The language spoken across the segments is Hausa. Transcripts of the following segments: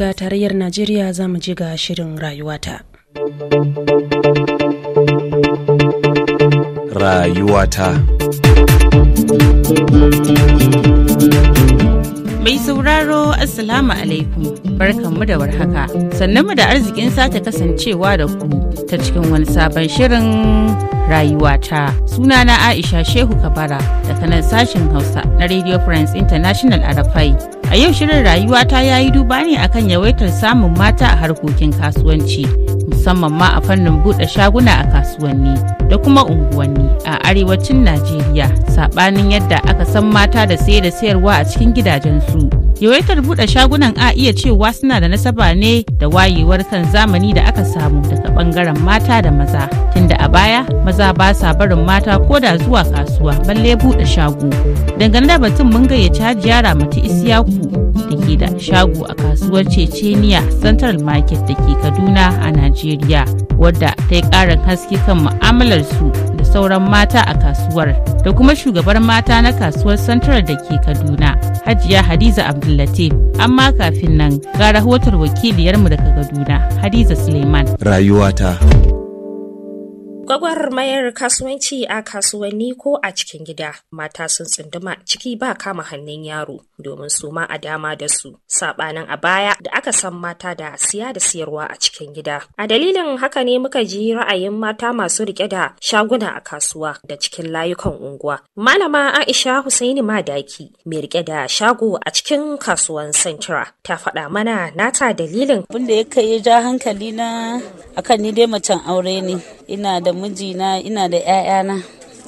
daga tarayyar najeriya za mu ji ga shirin rayuwata rayuwata Mai sauraro Assalamu alaikum barkanmu da warhaka sannanmu da arzikin sake kasancewa da ku ta cikin wani sabon shirin rayuwata sunana Aisha Shehu Kabara daga nan sashen Hausa na Radio France International Arafai. A yau shirin rayuwata ya yi duba ne akan yawaitar samun mata a harkokin kasuwanci musamman ma a fannin buɗe shaguna a kasuwanni da kuma unguwanni a arewacin Najeriya saɓanin yadda aka san mata da saye da sayarwa a cikin gidajen su. yawaitar buɗe shagunan a iya cewa suna da nasaba ne da wayewar kan zamani da aka samu daga bangaren mata da maza tunda a baya maza ba sa barin mata ko da zuwa kasuwa balle buɗe shago dangane da batun mun gayyaci hajiya ramatu isiyaku da ke da shago a kasuwar ceceniya central market da ke kaduna a najeriya wadda ta yi ƙarin haske kan mu'amalar su da sauran mata a kasuwar da kuma shugabar mata na kasuwar central da ke Kaduna Hajiya Hadiza Abdullatif amma kafin nan ga rahotar wakiliyarmu daga Kaduna Hadiza Suleiman rayuwata gwagwarmayar kasuwanci a kasuwanni ko a cikin gida mata sun tsunduma ciki ba kama hannun yaro domin su ma a dama da su sabanin a baya da aka san mata da siya da siyarwa a cikin gida a dalilin haka ne muka ji ra'ayin mata masu rike da shaguna a kasuwa da cikin layukan unguwa malama aisha husaini madaki mai rike da shago a cikin kasuwan santura ta faɗa mana nata dalilin abin da ya kai ja hankali na akan ni dai macen aure ne ina da mijina ina da 'ya'yana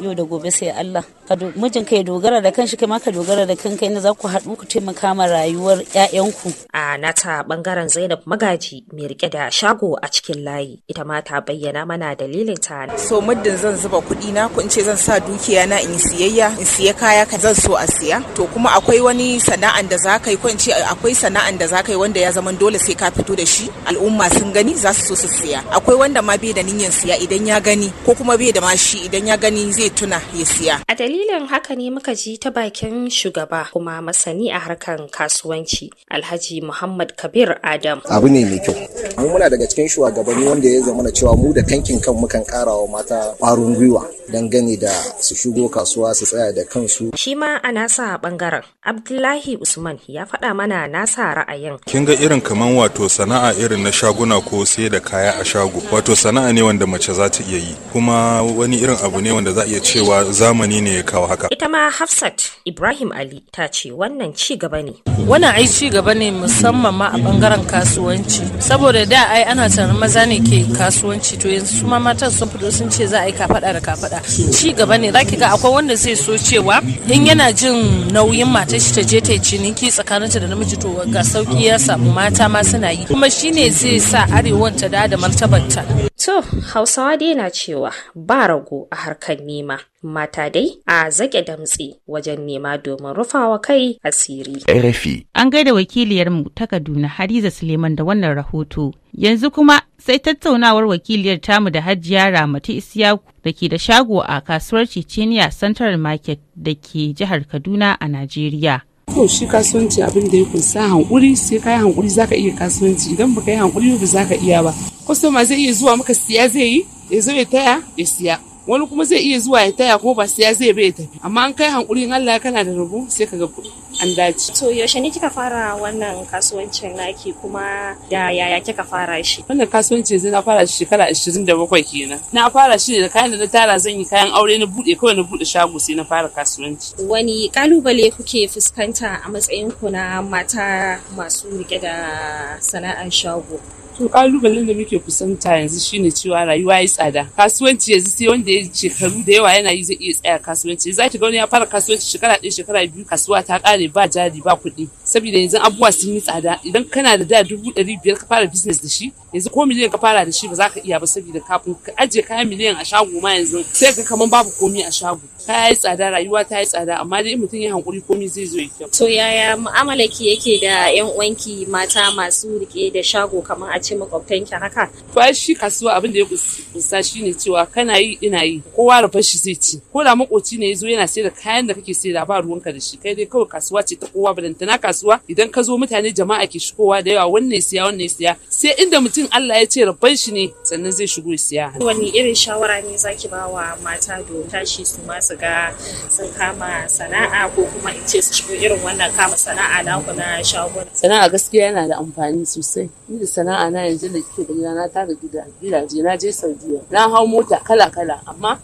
yau da gobe sai Allah ka mijin ka ya dogara da kanshi kai ma ka dogara da kanka inda za ku haɗu ku taimaka ma rayuwar ƴaƴanku a nata bangaren Zainab Magaji mai rike da shago a cikin layi ita ma ta bayyana mana dalilin ta so muddin zan zuba kuɗi na ko in ce zan sa dukiya na in siyayya in siya kaya ka zan so a siya to kuma akwai wani sana'an da za kai ko in ce akwai sana'an da za kai wanda ya zama dole sai ka fito da shi al'umma sun gani za su so su siya akwai wanda ma bai da niyyar siya idan ya gani ko kuma bai da ma shi idan ya gani zai tuna ya siya. A dalilin haka ne muka ji ta bakin shugaba kuma masani a harkar kasuwanci Alhaji Muhammad Kabir Adam. Abu ne mai kyau. Mu muna daga cikin shugabanni wanda ya zama cewa mu da tankin kan mukan kara wa mata ƙwarin gwiwa dangane da su shigo kasuwa su tsaya da kansu. Shi ma a nasa bangaren Abdullahi Usman ya faɗa mana nasa ra'ayin. Kin ga irin kaman wato sana'a irin na shaguna ko sai da kaya a shago wato sana'a ne wanda mace za ta iya yi kuma wani irin abu ne wanda za iya cewa zamani ne ya kawo haka. Ita ma Hafsat Ibrahim Ali ta ce wannan ci gaba ne. Wannan ai ci gaba ne musamman ma a bangaren kasuwanci. Saboda da ai ana tunanin maza ne ke kasuwanci to yanzu su ma matan sun fito sun ce za a yi kafada da kafada. Ci gaba ne zaki ga akwai wanda zai so cewa in yana jin nauyin matar shi ta je ta ciniki tsakanin ta da namiji to ga sauki ya samu mata ma suna yi. Kuma shine zai sa arewan ta da martabarta. To, Hausawa dai na cewa ba rago a harkar nema. Mata dai a zaƙe damtse wajen nema domin rufawa kai asiri. RFI. An gaida wakiliyarmu ta Kaduna Hadiza Suleiman da wannan rahoto. Yanzu kuma sai tattaunawar wakiliyar tamu da Hajiya Ramatu Isiyaku da ke da shago a kasuwar Ceceniya Central Market da ke jihar Kaduna a Najeriya. To shi kasuwanci abin da ya kunsa hankuri sai ka yi hankuri za iya kasuwanci idan ba ka yi hankuri ba za ka iya ba. ma zai iya zuwa maka siya zai yi ya zo ya taya ya siya. wani kuma zai iya zuwa ya taya ko ba siya zai bai tafi amma an kai hankuri Allah kana da rabo sai ka ga an dace to yaushe ne kika fara wannan kasuwancin naki kuma da yaya kika fara shi wannan kasuwancin zai na fara shi shekara 27 kenan na fara shi da kayan da na tara zan yi kayan aure na bude kawai na bude shago sai na fara kasuwanci wani kalubale kuke fuskanta a matsayin ku na mata masu rike da sana'ar shago to kalubalen da muke kusanta yanzu shine cewa rayuwa ya tsada kasuwanci yanzu sai wanda ya shekaru da yawa yana yi zai iya tsaya kasuwanci za ki ga wani ya fara kasuwanci shekara ɗaya shekara biyu kasuwa ta ƙare ba jari ba kuɗi saboda yanzu abubuwa sun yi tsada idan kana da da dubu ɗari biyar ka fara business da shi yanzu ko miliyan ka fara da shi ba za ka iya ba saboda kafin ka ajiye kayan miliyan a shago ma yanzu sai ka kaman babu komai a shago Ta yi tsada rayuwa ta yi tsada amma dai mutum ya hankuri komai zai zo ya kyau. to yaya mu'amala ki yake da yan uwanki mata masu rike da shago kamar a ce ki haka. ai shi kasuwa abin da ya kusa shine cewa kana yi ina yi kowa rufe shi zai ci ko da makoci ne ya zo yana sayar da kayan da kake sayar da ba ruwanka da shi kai dai kawai kasuwa ce ta kowa tana kasuwa idan ka zo mutane jama'a ke kowa da yawa wannan ya siya wannan ya siya sai inda mutum Allah ya ce rabban shi ne sannan zai shigo ya siya. wani irin shawara ne zaki ba wa mata domin tashi su masa su ga sun kama sana'a ko kuma in ce su shigo irin wannan kama sana'a na ku na shaguna. Sana'a gaskiya yana da amfani sosai. ni da sana'a na yanzu da kike da na tara gida gidaje na je Saudiya. Na hau mota kala kala amma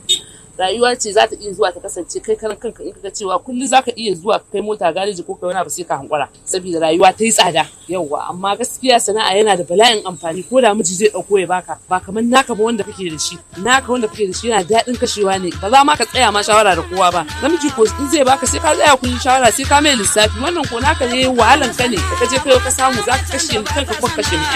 rayuwa ce za ta iya zuwa ta kasance kai karan kanka in ka cewa kulli za ka iya zuwa kai mota gareji ko kai wani abu sai ka hankura saboda rayuwa ta yi tsada yawwa amma gaskiya sana'a yana da bala'in amfani ko da miji zai dauko ya baka ba kamar naka ba wanda kake da shi naka wanda kake da shi yana daɗin kashewa ne ba za ma ka tsaya ma shawara da kowa ba namiji ko in zai baka sai ka tsaya kullum shawara sai ka mai lissafi wannan ko naka ne wahalan ka ne ka je kai ka samu za ka kashe kanka ko kashe mu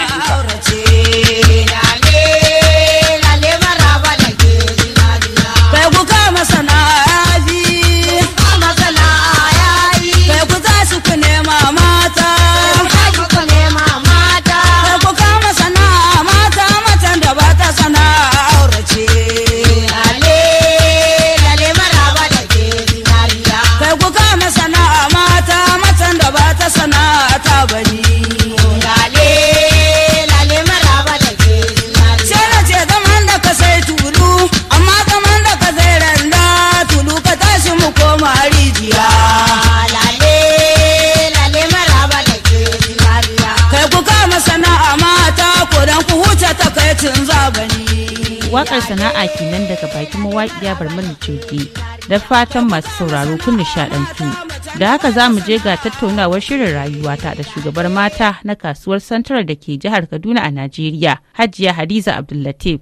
tashar sana'a kenan daga bakin mawaƙiya barmani coge da fatan masu sauraro kun nishaɗantu da haka za mu je ga tattaunawar shirin rayuwata da shugabar mata na kasuwar santarar da ke jihar kaduna a najeriya hajiya hadiza abdullatif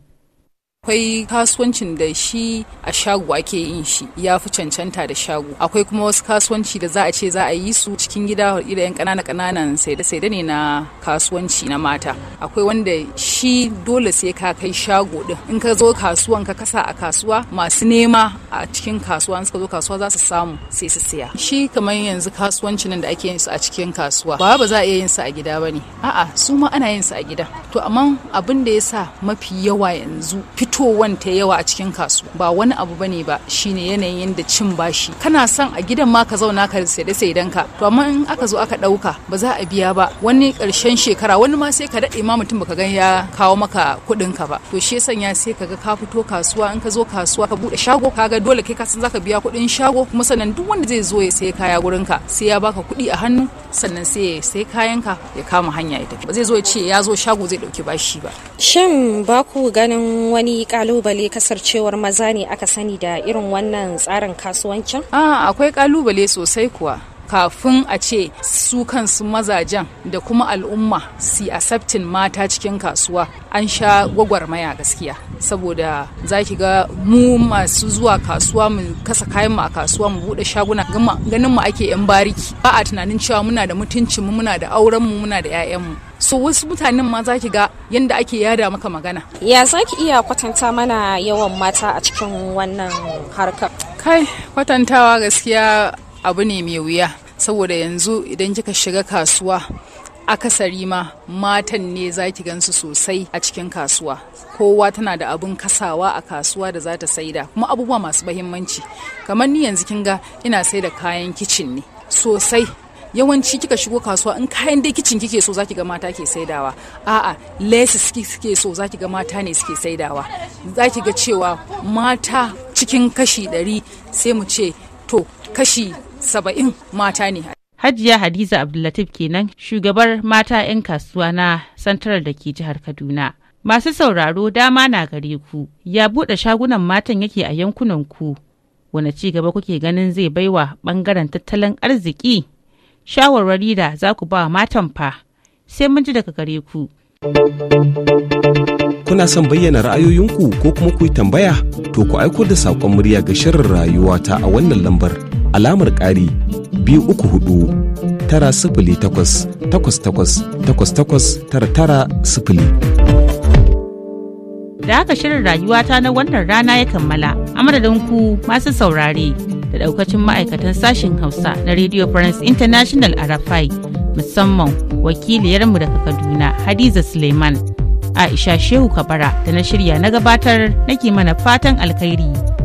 akwai kasuwancin da shi a shago ake yin shi ya fi cancanta da shago akwai kuma wasu kasuwanci da za a ce za a yi su cikin gida ila yan ƙanana ƙananan sai da ne na kasuwanci na mata akwai wanda shi dole sai ka kai shago din in ka zo kasuwan ka kasa a kasuwa masu nema a cikin kasuwa in suka zo kasuwa za su samu sai su siya shi kamar yanzu kasuwanci nan da ake yin su a cikin kasuwa ba ba za a iya yin su a gida ba ne. a'a su ma ana yin su a gida to amma abin da ya sa mafi yawa yanzu fitowan ta yawa a cikin kasuwa ba wani abu bane ba shine yanayin yadda cin bashi kana son a gidan ma ka zauna ka saide saidan ka to amma in aka zo aka dauka ba za a biya ba wani karshen shekara wani ma sai ka dade ma mutum baka ga ya kawo maka kuɗin ka ba to shi yasa ya sai kaga ka fito kasuwa in ka zo kasuwa ka bude shago kaga dole kai ka san zaka biya kuɗin shago kuma sannan duk wanda zai zo ya sai kaya gurin ka sai ya baka kuɗi a hannu sannan sai ya sai kayan ka ya kama hanya ya tafi ba zai zo ya ce ya zo shago zai dauki bashi ba shin ba ku ganin wani akwai kalubale kasarcewar maza ne aka sani da irin wannan tsarin kasuwancin? Ah, akwai kalubale sosai kuwa. kafin a ce su kansu mazajen da kuma al'umma si asabtin mata cikin kasuwa an sha gwagwarmaya gaskiya saboda za ki ga mu masu zuwa kasuwa mu kasa kayan mu a kasuwa mu bude shaguna ganin mu ake yan bariki ba a tunanin cewa muna da mutuncin mu muna da auren mu muna da 'ya'yan mu so wasu mutanen ma za ki ga yadda ake yada maka magana ya za ki iya kwatanta mana yawan mata a cikin wannan harkar kai kwatantawa gaskiya abu ne mai wuya saboda yanzu idan kika shiga kasuwa akasari ma matan ne za ki gansu sosai a cikin kasuwa kowa tana da abun kasawa a kasuwa da za ta saida kuma abubuwa masu mahimmanci kamar ni yanzu kin ga ina saida kayan kicin ne sosai yawanci kika shigo kasuwa in kayan dai kicin kike so zaki ga mata ke saidawa a'a laces kike so zaki ga mata ne suke saidawa zaki ga cewa mata cikin kashi ɗari sai mu ce to kashi saba'in mata ne. Hajiya Hadiza Abdullatif kenan shugabar mata 'yan kasuwa na santar da ke jihar Kaduna. Masu sauraro dama na gare ku, ya buɗe shagunan matan yake a yankunan ku. Wane ci gaba kuke ganin zai baiwa ɓangaren tattalin arziki? Shawarwari da za ku ba matan fa, sai mun ji daga gare ku. Kuna son bayyana ra'ayoyinku ko kuma ku yi tambaya? To ku aiko da saƙon murya ga shirin rayuwa ta a wannan lambar alamar ƙari biyu uku hudu tara sifili takwas takwas takwas takwas takwas tara tara sifili. Da haka shirin rayuwata na wannan rana ya kammala, a madadin ku masu saurare da daukacin ma'aikatan sashen Hausa na Radio France International a Rafai, musamman wakiliyarmu daga Kaduna Hadiza Suleiman, Aisha Shehu Kabara da na shirya na gabatar nake mana fatan alkhairi.